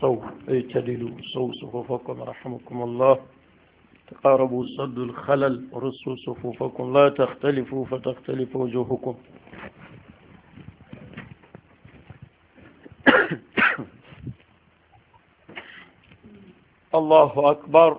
صو أي اعتدلوا صو صفوفكم رحمكم الله تقاربوا صد الخلل ورصوا صفوفكم لا تختلفوا فتختلف وجوهكم الله أكبر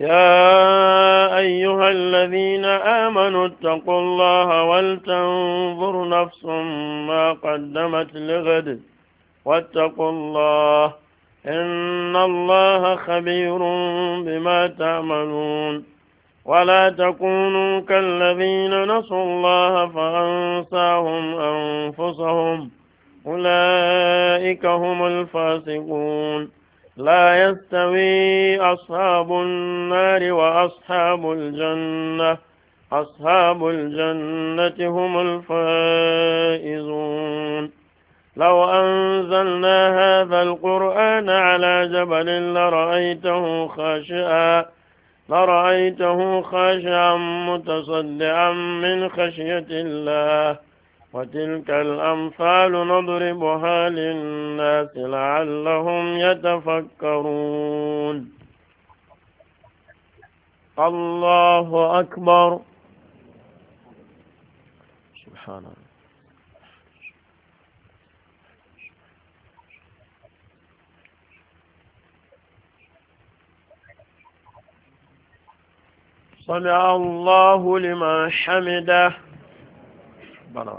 يا أيها الذين آمنوا اتقوا الله ولتنظر نفس ما قدمت لغد واتقوا الله إن الله خبير بما تعملون ولا تكونوا كالذين نسوا الله فأنساهم أنفسهم أولئك هم الفاسقون لا يستوي أصحاب النار وأصحاب الجنة أصحاب الجنة هم الفائزون لو أنزلنا هذا القرآن على جبل لرأيته خاشعا لرأيته خاشعا متصدعا من خشية الله وتلك الأمثال نضربها للناس لعلهم يتفكرون الله أكبر سبحان الله صلى الله لمن حمده ربنا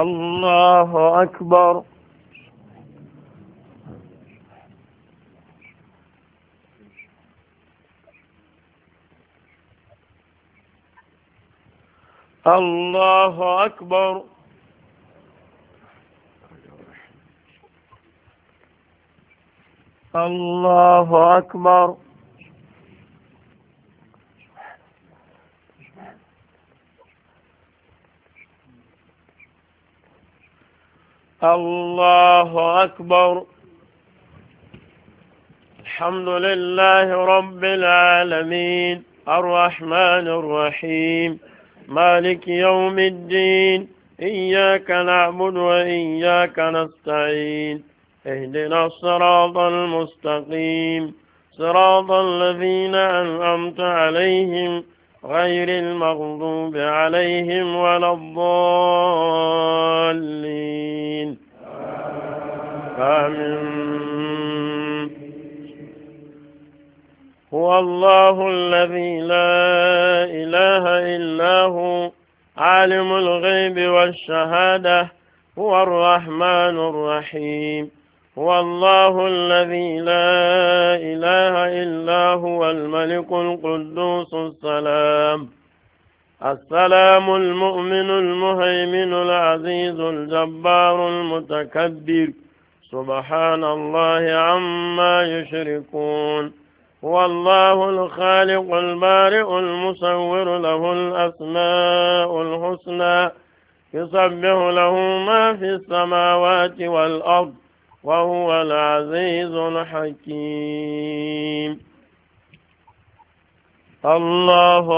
الله أكبر الله أكبر الله أكبر الله أكبر الله أكبر الحمد لله رب العالمين الرحمن الرحيم مالك يوم الدين إياك نعبد وإياك نستعين اهدنا الصراط المستقيم صراط الذين أنأمت عليهم غير المغضوب عليهم ولا الضالين لا إله إلا هو عالم الغيب والشهادة هو الرحمن الرحيم هو الله الذي لا إله إلا هو الملك القدوس السلام السلام المؤمن المهيمن العزيز الجبار المتكبر سبحان الله عما يشركون هو الله الخالق البارئ المصور له الأسماء الحسنى يصبح له ما في السماوات والأرض وهو العزيز الحكيم الله